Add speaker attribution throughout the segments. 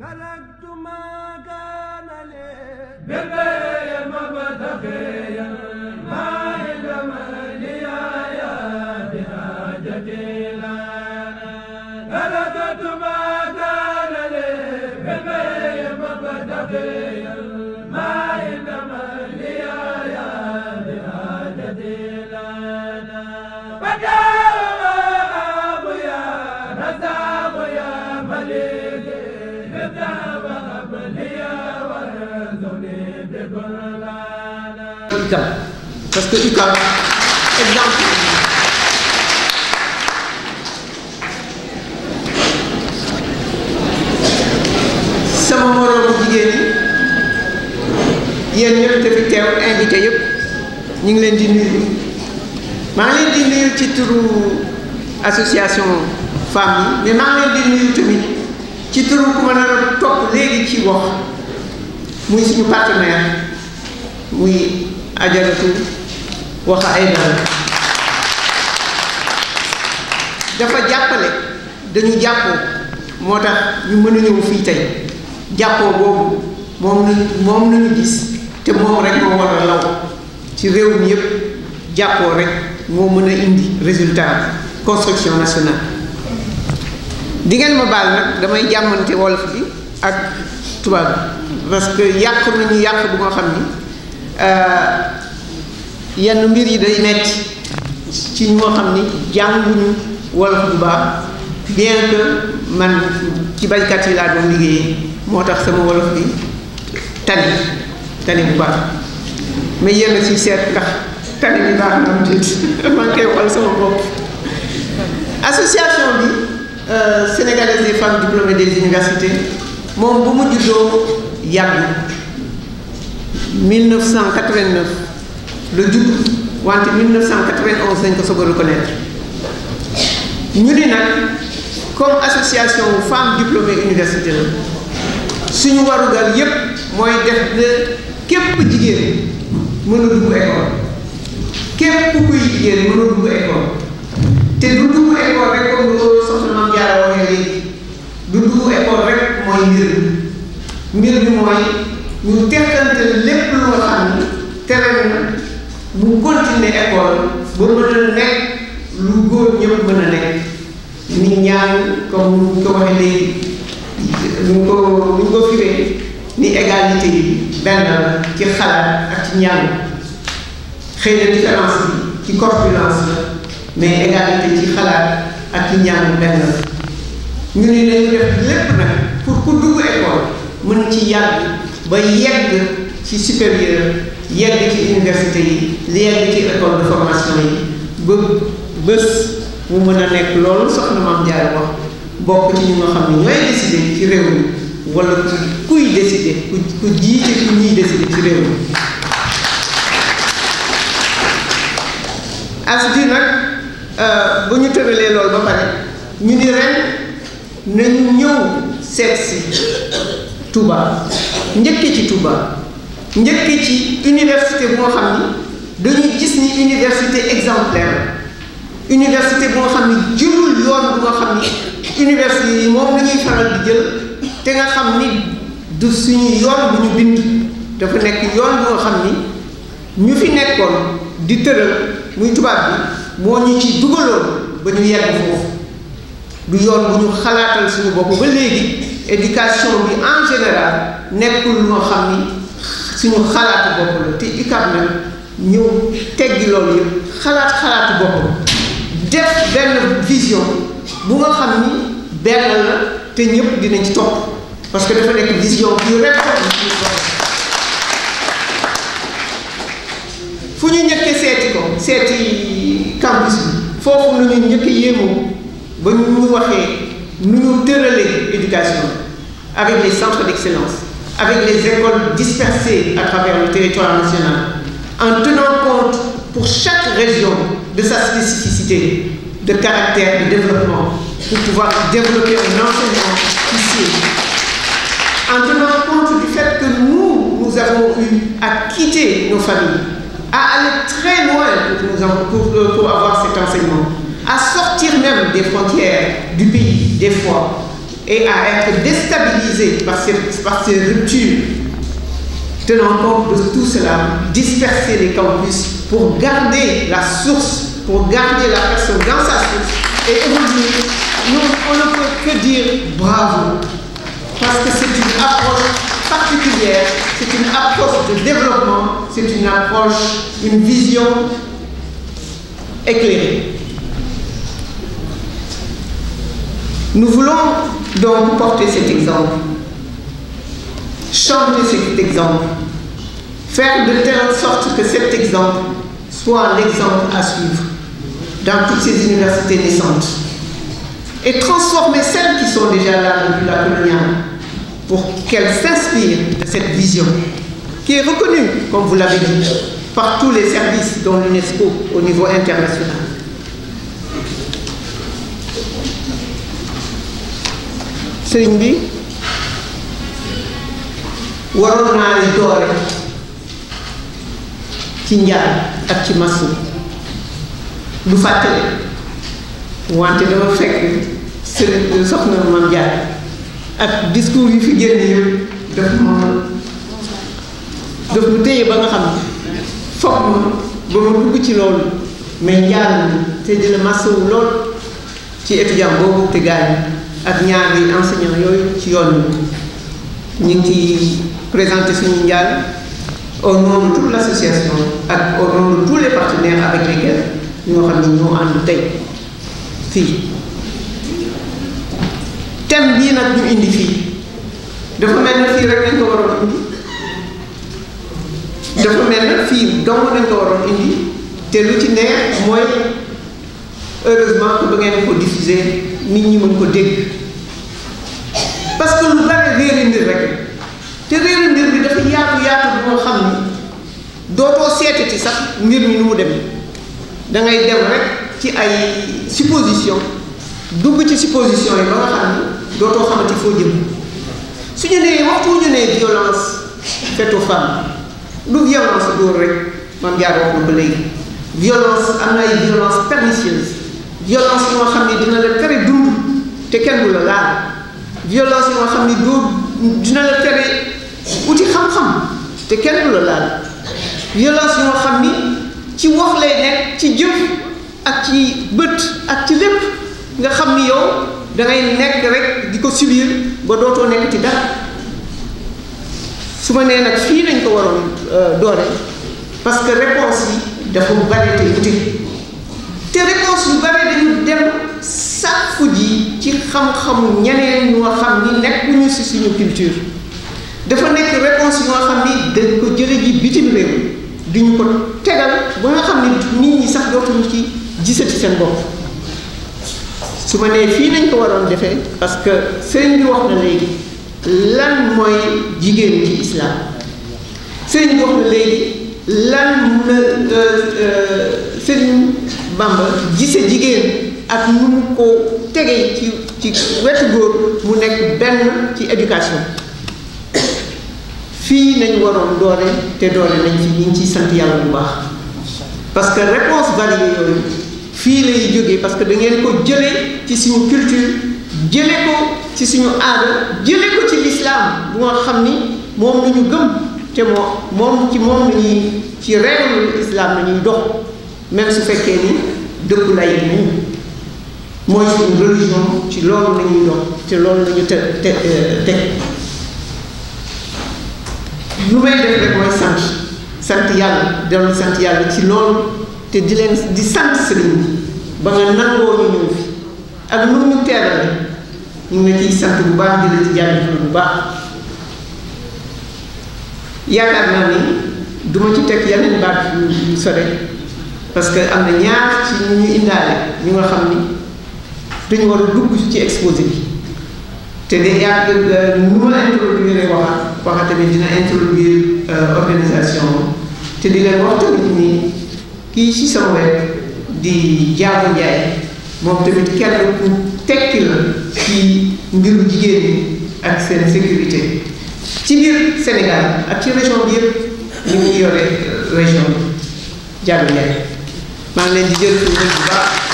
Speaker 1: ملكت ما كان لي بغير مبتغيا ICAM que ICAM exemple sama moroomu jigéen ñi yéen te fi teew invité yëpp ñu ngi leen di nuyu maa ngi leen di nuyu ci turu association femme maa ngi leen di nuyu tamit ci turu ku ma nar a topp léegi ci wax muy suñu partenaire muy ajaratu waxa ay dara dafa jàppale dañu jàppoo moo tax ñu mën a ñëw fii tey jàppoo boobu moom nañu moom nañu gis te moom rek moo war a law ci réew mi yépp jàppoo rek moo mën a indi résultat construction nationale di ngeen ma baal nag damay jàmmante wolof bi ak tubaab bi parce que yàq nañu yàq bu xam ni Euh, yenn mbir yi day metti ci ñoo xam ni ñu wolof bu baax bien que man ci baykat yi laa doon liggéeyee moo tax sama wolof bi tani tani bu baax mais yéen ci seet ndax tani bi baax na am man koy xool sama bopp association bi euh, sénégalaise des femmes des universités moom bu mu juddoo yàgg 1989 la jub wante 1991 lañ ko soog a reconnaître ñu ni nag comme association femmes diplômées université la suñu warugal yépp mooy def képp jigéen mën a dugg école képp kuy jigéen mën a dugg te du dugg rek ko soxna Mame Diarra waxee léegi du dugg rek mooy mbir mbir mooy ñu tekkante lépp lu nga xam ni tere na mu continuer école ba mën a nekk lu góor ñëpp mën a nekk ni ñaan comme ñu ko waxee léegi ñu ko ko firee ni égalité yi benn la ci xalaat ak ci ñaan benn la ñu ne dañu def lépp nag pour ku dugg école mën ci yàgg ba yegg ci supérieur yegg ci université yi li yegg ci école de yi ba bés mu mën a nekk loolu soxna maam Diarra wax bokk ci ñu nga xam ne ñooy décider ci réew mi wala kuy décider ku jiite ku ñuy décider ci réew mi ASDI nag euh, bu ñu tëralee loolu ba pare ñu ni ren nañu ñëw seet si njëkke ci Touba njëkke ci université boo xam ni dañuy gis ni université exemplaire université boo xam ni jëlul yoon bu nga xam ni université yi moom la ñuy faral di jël te nga xam ni du suñu yoon bu ñu bind dafa nekk yoon bu nga xam ni ñu fi nekkoon di tëral muy tubaab bi moo ñu ci dugaloon ba ñu yegg foofu du yoon bu ñu xalaatal suñu bopp ba léegi éducation bi en nekkul loo xam ni suñu xalaatu bopp la te ICAP nag ñëw teggi loolu yëpp xalaat xalaatu bopp def benn vision bu nga xam ni benn la te ñëpp dinañ ci topp parce que dafa nekk vision bu réforme fu bi foofu lu ñu njëkk yéemoo ba ñu waxee nu ñu tëralee éducation avec les centres d'excellence, avec les écoles dispersées à travers le territoire national, en tenant compte pour chaque région de sa spécificité, de caractère, de développement, pour pouvoir développer un enseignement ici. En tenant compte du fait que nous, nous avons eu à quitter nos familles, à aller très loin pour euh, avoir cet enseignement, à sortir même des frontières du pays, des fois, et à être déstabilisés par ces, par ces de tout cela, disperser les campus pour garder la source, pour garder la personne dans sa source et évoluer. Nous, ne peut que dire bravo, parce que c'est une approche particulière, c'est une approche de développement, c'est une vision éclairée. Nous voulons Donc, portez cet exemple. Chantez cet exemple. Faire de telle sorte que cet exemple soit l'exemple à suivre dans toutes ces universités naissantes. Et transformer celles qui sont déjà là depuis la coloniale pour qu'elles s'inspirent de cette vision qui est reconnue, comme vous l'avez dit, par tous les services, dont l'UNESCO, au niveau international. sëriñ bi waroon naa ni doore ci njaar ak ci mas mi du fàttale wante dama fekk sëriñ soxna Maam Jaara ak discours yu fi génn yëpp daf ma daf mu téye ba nga xam ne foog ma ba ma ci loolu mais njaar mi te dina masawu lool ci étudiant boobu te gaañu ak ñaar yi enseignant yooyu ci yoon ñu ngi ciy présenté suñu njaal au nom de toute l' association ak au nom de tous les partenaires avec lesquels ñoo xam ne ñoo ànd tey fii thème bii nag ñu indi fii dafa mel na fii rek lañ ko waroon indi dafa mel na fii dong lañ ko waroon indi te lu ci neex mooy heureusement que ba ngeen ko diffuser nit ñi mën ko dégg parce que lu bare réeri ndir rek te réeri ndir bi dafa yaatu yaatu boo xam ni dootoo seetati sax mbir mi nu mu demee da dem rek ci ay supposition dugg ci supposition yi ba nga xam ni dootoo xamati foo jëm su ñu nee waxtu ñu nee violence faite aux du violence góor rek man jaar waxul ba léegi violence am na ay violence pernicieuse violence yi nga xam ni dina la tere dund te kenn du la laal violence yi nga xam ni doo dina la tere uti xam-xam te kenn du la laal violence yi nga xam ni ci wax lay nekk ci jëf ak ci bët ak ci lépp nga xam ni yow da ngay nekk rek di ko subir ba dootoo nekk ci dara su ma nee nag fii lañ ko waroon euh, doone parce que réponse yi dafa bari te wuute xam-xamu ñeneen ñoo xam ni nekkuñu ci suñu culture dafa nekk réponse yoo xam ni dañ ko jële ji bitim réew di ko tegal ba nga xam ni nit ñi sax dootuñu ci gisati seen bopp su ma nee fii nañ ko waroon defee parce que sëriñ bi wax na léegi lan mooy jigéen ci islam sëriñ bi na léegi lan na euh, euh, sëriñ Bamba gise jigéen ak nu mu ko tegee ci ci wetu góor mu nekk benn ci éducation fii nañ waroon doole te doore nañ ci ñu ngi ciy sant yàlla bu baax
Speaker 2: parce que réponse variée
Speaker 1: yooyu fii lay jóge parce que da ngeen ko jëlee ci suñu culture jëlee ko ci suñu aada jëlee ko ci lislaam bu nga xam ni moom la ñu gëm te moo moom ci moom la ci réewlu islam la ñuy dox su fekkee ni dëkku lay nañu mooy suñu religion ci loolu la ñuy dox ci loolu la ñu te te teg lu may def rek mooy sant sant yàlla doon sant yàlla ci loolu te di leen di sant sëriñ bi ba nga nangoo ñu ñëw fi ak lu ñu ñu ngi ciy sant bu baax di la ci jaajëfal bu baax yaakaar naa ni duma ci teg yeneen baat yu sore parce que am na ñaar ci ñu ñu indaale ñu nga xam ni dañu war a dugg ci exposé bi te day yàgg nu ma introduire waxaat waxaat tamit dina introduire euh, organisation te di leen wax tamit nii kii ci sama wet di jaamu njaay moom tamit kenn ku tekki la ci mbiru jigéen ñi ak seen sécurité ci biir Sénégal ak ci région bi yëpp ñu yore euh, région bi jaamu njaay maa ngi leen di jël bu baax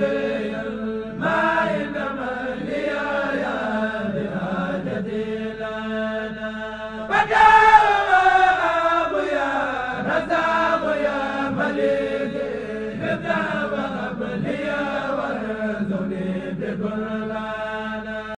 Speaker 1: Ave